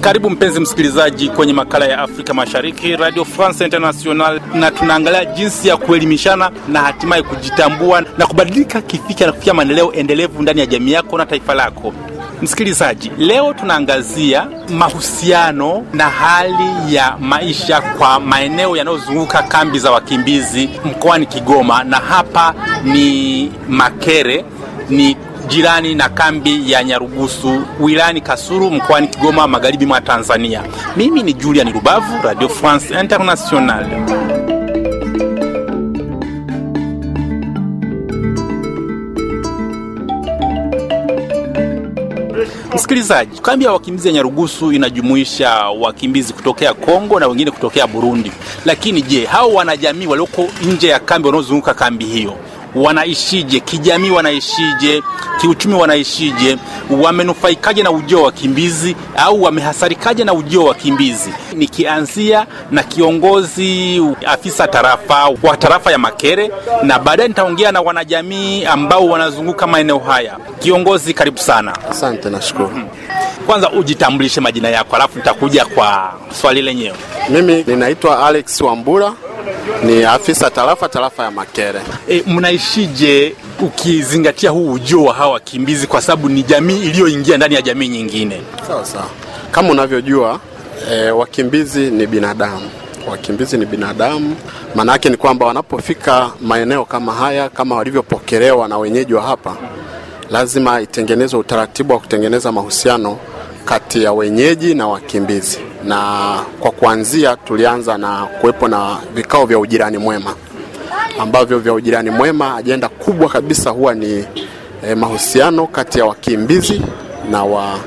Karibu mpenzi msikilizaji kwenye makala ya Afrika Mashariki, Radio France International, na tunaangalia jinsi ya kuelimishana na hatimaye kujitambua na kubadilika kifikra na kufikia maendeleo endelevu ndani ya jamii yako na taifa lako. Msikilizaji, leo tunaangazia mahusiano na hali ya maisha kwa maeneo yanayozunguka kambi za wakimbizi mkoani Kigoma, na hapa ni Makere, ni jirani na kambi ya Nyarugusu wilayani kasuru mkoani Kigoma, magharibi mwa Tanzania. Mimi ni Julian Rubavu, Radio France Internationale. Msikilizaji, kambi ya wakimbizi ya Nyarugusu inajumuisha wakimbizi kutokea Kongo na wengine kutokea Burundi. Lakini je, hao wanajamii walioko nje ya kambi wanaozunguka kambi hiyo wanaishije kijamii, wanaishije kiuchumi, wanaishije, wamenufaikaje na ujio wa wakimbizi au wamehasarikaje na ujio wa wakimbizi, nikianzia na kiongozi afisa tarafa wa tarafa ya Makere, na baadaye nitaongea na wanajamii ambao wanazunguka maeneo haya. Kiongozi, karibu sana. Asante, nashukuru. Mhm. Kwanza ujitambulishe majina yako, alafu nitakuja kwa swali lenyewe. Mimi ninaitwa Alex Wambura ni afisa tarafa tarafa ya Makere. E, mnaishije ukizingatia huu ujio wa hawa wakimbizi, kwa sababu ni jamii iliyoingia ndani ya jamii nyingine? Sawa sawa, kama unavyojua e, wakimbizi ni binadamu wakimbizi ni binadamu. Maana yake ni kwamba wanapofika maeneo kama haya, kama walivyopokelewa na wenyeji wa hapa, lazima itengenezwe utaratibu wa kutengeneza mahusiano kati ya wenyeji na wakimbizi na kwa kuanzia tulianza na kuwepo na vikao vya ujirani mwema ambavyo vya ujirani mwema ajenda kubwa kabisa huwa ni eh, mahusiano kati ya wakimbizi na, wa,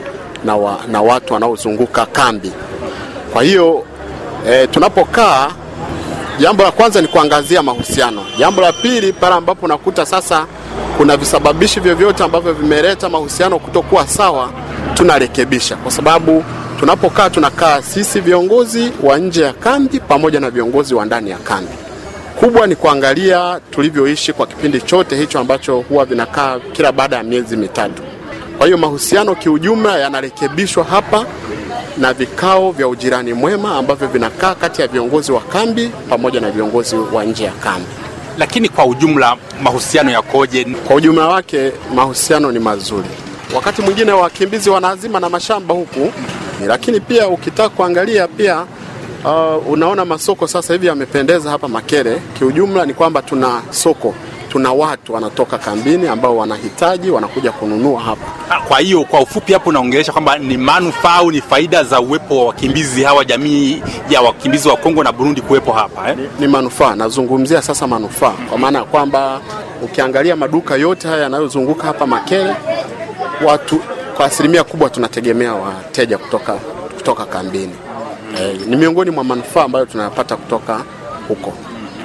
na, wa, na watu wanaozunguka kambi. Kwa hiyo eh, tunapokaa, jambo la kwanza ni kuangazia mahusiano. Jambo la pili, pale ambapo unakuta sasa kuna visababishi vyovyote ambavyo vimeleta mahusiano kutokuwa sawa, tunarekebisha kwa sababu Tunapokaa tunakaa sisi viongozi wa nje ya kambi pamoja na viongozi wa ndani ya kambi. Kubwa ni kuangalia tulivyoishi kwa kipindi chote hicho ambacho huwa vinakaa kila baada ya miezi mitatu. Kwa hiyo mahusiano kiujumla yanarekebishwa hapa na vikao vya ujirani mwema ambavyo vinakaa kati ya viongozi wa kambi pamoja na viongozi wa nje ya kambi. Lakini kwa ujumla mahusiano yakoje? Kwa ujumla wake mahusiano ni mazuri. Wakati mwingine wakimbizi wanaazima na mashamba huku lakini pia ukitaka kuangalia pia uh, unaona masoko sasa hivi yamependeza hapa Makere. Kiujumla ni kwamba tuna soko tuna watu wanatoka kambini ambao wanahitaji wanakuja kununua hapa. Ah, kwa hiyo kwa ufupi hapo naongelesha kwamba ni manufaa au ni faida za uwepo wa wakimbizi hawa, jamii ya wakimbizi wa Kongo na Burundi kuwepo hapa eh? Ni, ni manufaa, nazungumzia sasa manufaa kwa maana ya kwamba ukiangalia maduka yote haya yanayozunguka hapa Makere watu kwa asilimia kubwa tunategemea wateja kutoka, kutoka kambini. E, ni miongoni mwa manufaa ambayo tunayapata kutoka huko,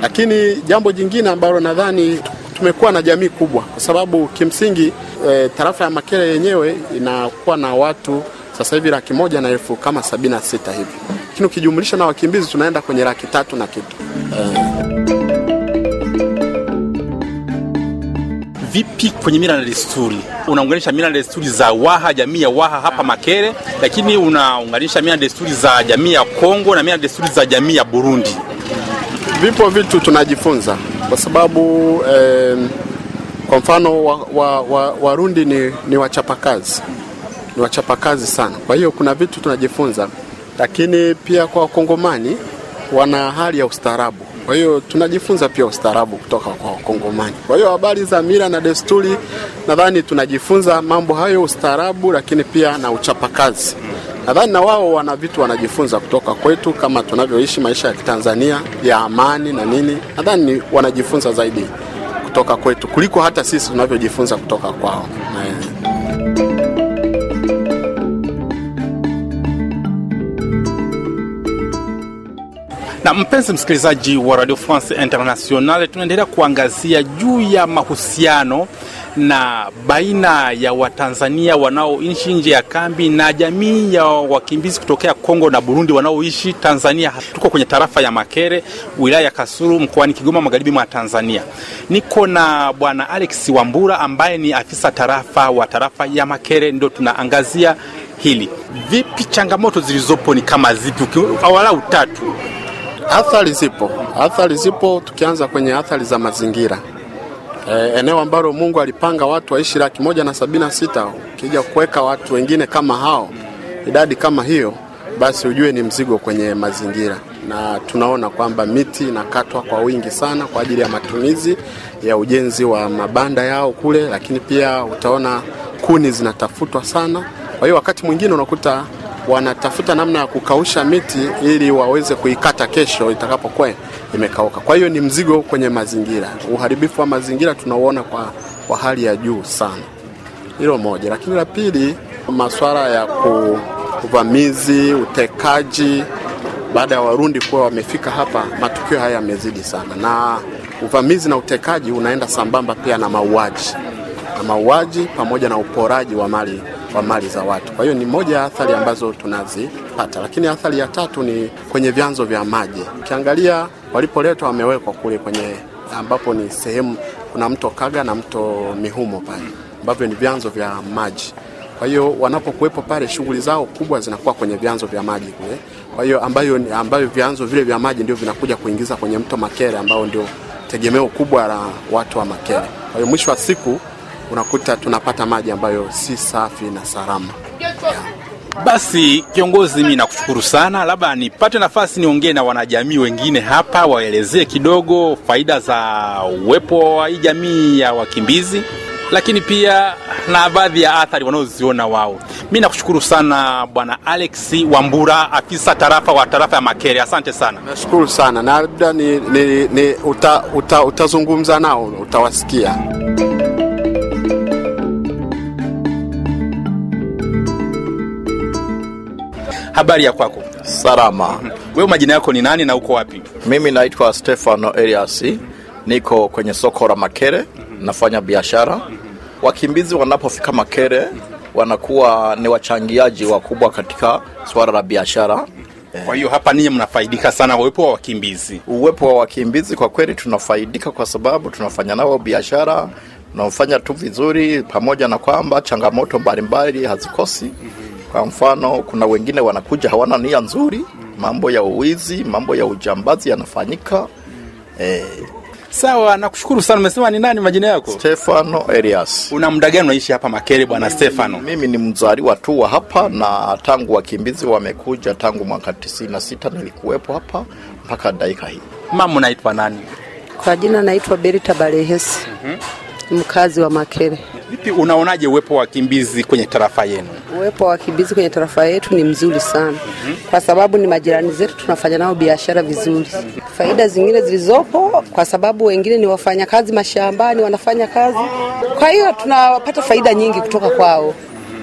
lakini jambo jingine ambalo nadhani tumekuwa na jamii kubwa, kwa sababu kimsingi e, tarafa ya Makere yenyewe inakuwa na watu sasa hivi laki moja na elfu kama sabini na sita hivi, lakini ukijumlisha na wakimbizi tunaenda kwenye laki tatu na kitu e. vipi kwenye mila na desturi. Unaunganisha mila na desturi za Waha, jamii ya Waha hapa Makere, lakini unaunganisha mila na desturi za jamii ya Kongo na mila na desturi za jamii ya Burundi. Vipo vitu tunajifunza kwa sababu eh, kwa mfano Warundi wa, wa, wa ni, ni wachapakazi ni wachapakazi sana, kwa hiyo kuna vitu tunajifunza, lakini pia kwa Wakongomani wana hali ya ustaarabu kwa hiyo tunajifunza pia ustaarabu kutoka kwa Wakongomani. Kwa hiyo habari za mila na desturi, nadhani tunajifunza mambo hayo, ustaarabu, lakini pia na uchapakazi. Nadhani na wao wana vitu wanajifunza kutoka kwetu, kama tunavyoishi maisha ya Kitanzania ya amani na nini. Nadhani wanajifunza zaidi kutoka kwetu kuliko hata sisi tunavyojifunza kutoka kwao. Na mpenzi msikilizaji wa Radio France International, tunaendelea kuangazia juu ya mahusiano na baina ya Watanzania wanaoishi nje ya kambi na jamii ya wakimbizi kutokea Kongo na Burundi wanaoishi Tanzania. Tuko kwenye tarafa ya Makere, wilaya ya Kasulu, mkoani Kigoma, magharibi mwa Tanzania. Niko na Bwana Alex Wambura ambaye ni afisa tarafa wa tarafa ya Makere, ndio tunaangazia hili. Vipi changamoto zilizopo ni kama zipi, walau tatu Athari zipo, athari zipo. Tukianza kwenye athari za mazingira, e, eneo ambalo Mungu alipanga watu waishi laki moja na sabini na sita ukija kuweka watu wengine kama hao, idadi kama hiyo, basi ujue ni mzigo kwenye mazingira, na tunaona kwamba miti inakatwa kwa wingi sana kwa ajili ya matumizi ya ujenzi wa mabanda yao kule, lakini pia utaona kuni zinatafutwa sana. Kwa hiyo wakati mwingine unakuta wanatafuta namna ya kukausha miti ili waweze kuikata kesho itakapokuwa imekauka. Kwa hiyo ni mzigo kwenye mazingira. Uharibifu wa mazingira tunauona kwa, kwa hali ya juu sana. Hilo moja, lakini la pili, masuala ya ku, uvamizi, utekaji. Baada ya Warundi kuwa wamefika hapa, matukio haya yamezidi sana, na uvamizi na utekaji unaenda sambamba pia na mauaji na mauaji pamoja na uporaji wa mali wa mali za watu. Kwa hiyo ni moja ya athari ambazo tunazipata, lakini athari ya tatu ni kwenye vyanzo vya maji. Ukiangalia walipoletwa, wamewekwa kule kwenye ambapo ni sehemu kuna mto Kaga na mto Mihumo pale ambavyo ni vyanzo vya maji. Kwa hiyo wanapokuwepo pale, shughuli zao kubwa zinakuwa kwenye vyanzo vya maji kule. Kwa hiyo ambayo, ambayo vyanzo vile vya maji ndio vinakuja kuingiza kwenye mto Makere ambao ndio tegemeo kubwa la watu wa Makere. Kwa hiyo mwisho wa siku unakuta tunapata maji ambayo si safi na salama yeah. Basi kiongozi, mimi nakushukuru sana. Labda nipate nafasi niongee na wanajamii wengine hapa, waelezee kidogo faida za uwepo wa hii jamii ya wakimbizi, lakini pia na baadhi ya athari wanaoziona wao. Mimi nakushukuru sana Bwana Alex Wambura, afisa tarafa wa tarafa ya Makere, asante sana. Nashukuru sana na labda ni, ni, ni, uta, uta, utazungumza nao utawasikia. habari ya kwako? Salama. Wewe majina yako ni nani na uko wapi? Mimi naitwa Stefano Elias, niko kwenye soko la Makere, nafanya biashara. Wakimbizi wanapofika Makere wanakuwa ni wachangiaji wakubwa katika swala la biashara. Eh. Kwa hiyo hapa ninyi mnafaidika sana uwepo wa wakimbizi. Uwepo wa wakimbizi kwa kweli tunafaidika kwa sababu tunafanya nao biashara, tunafanya tu vizuri, pamoja na kwamba changamoto mbalimbali hazikosi. Kwa mfano, kuna wengine wanakuja hawana nia nzuri, mambo ya uwizi, mambo ya ujambazi yanafanyika eh. Sawa, nakushukuru sana. Umesema ni nani majina yako? Stefano Elias. Una muda gani unaishi hapa Makere, bwana Stefano? Mimi ni mzaliwa tu wa hapa, na tangu wakimbizi wamekuja tangu mwaka 96 nilikuwepo hapa mpaka dakika hii. Mama, unaitwa nani? Kwa jina naitwa Berita Barehesi. mm -hmm. Mkazi wa Makere. Vipi, unaonaje uwepo wa wakimbizi kwenye tarafa yenu? Uwepo wa wakimbizi kwenye tarafa yetu ni mzuri sana mm -hmm. kwa sababu ni majirani zetu, tunafanya nao biashara vizuri. Faida zingine zilizopo, kwa sababu wengine ni wafanyakazi mashambani, wanafanya kazi, kwa hiyo tunapata faida nyingi kutoka kwao.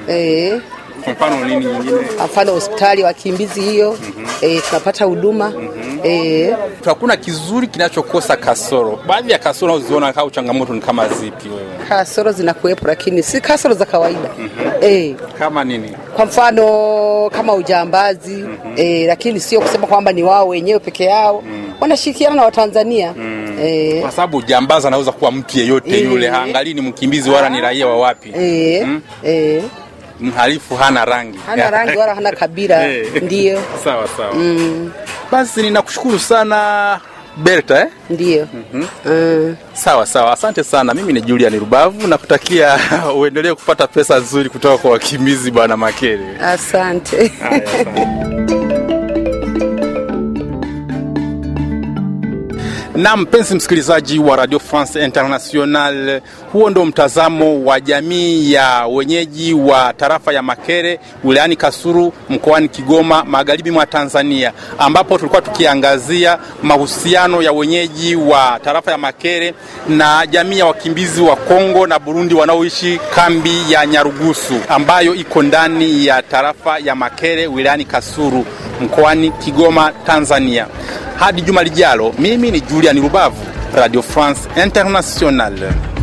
E, kwa mfano nini nyingine? Kwa mfano hospitali wakimbizi hiyo, mm -hmm. E, tunapata huduma mm -hmm. E, Hakuna kizuri kinachokosa kasoro. Baadhi ya kasoro unazoziona kama changamoto ni kama zipi wewe? Kasoro zinakuwepo, lakini si kasoro za kawaida mm -hmm. eh. Kama nini? Kwa mfano kama ujambazi mm -hmm. eh, lakini sio kusema kwamba ni wao wenyewe peke yao mm. wanashirikiana na Watanzania mm. E, kwa sababu jambazi anaweza kuwa mtu yeyote e, yule, haangalii ni mkimbizi wala ni ah. raia wa wapi. E, hmm? e mhalifu hana rangi, hana rangi wala hana kabila eh. ndio. Sawa sawa. Mm. Basi ninakushukuru sana Berta eh? Ndio. mm -hmm. uh. Sawa sawa, asante sana. Mimi ni Julian Rubavu, nakutakia uendelee kupata pesa nzuri kutoka kwa wakimbizi bwana Makere. Asante. Aya, asante. Na mpenzi msikilizaji wa Radio France International, huo ndo mtazamo wa jamii ya wenyeji wa tarafa ya Makere wilayani kasuru mkoani Kigoma magharibi mwa Tanzania, ambapo tulikuwa tukiangazia mahusiano ya wenyeji wa tarafa ya Makere na jamii ya wakimbizi wa Kongo na Burundi wanaoishi kambi ya Nyarugusu ambayo iko ndani ya tarafa ya Makere wilayani kasuru mkoani Kigoma Tanzania. Hadi juma lijalo, mimi ni Julian Rubavu, Radio France Internationale.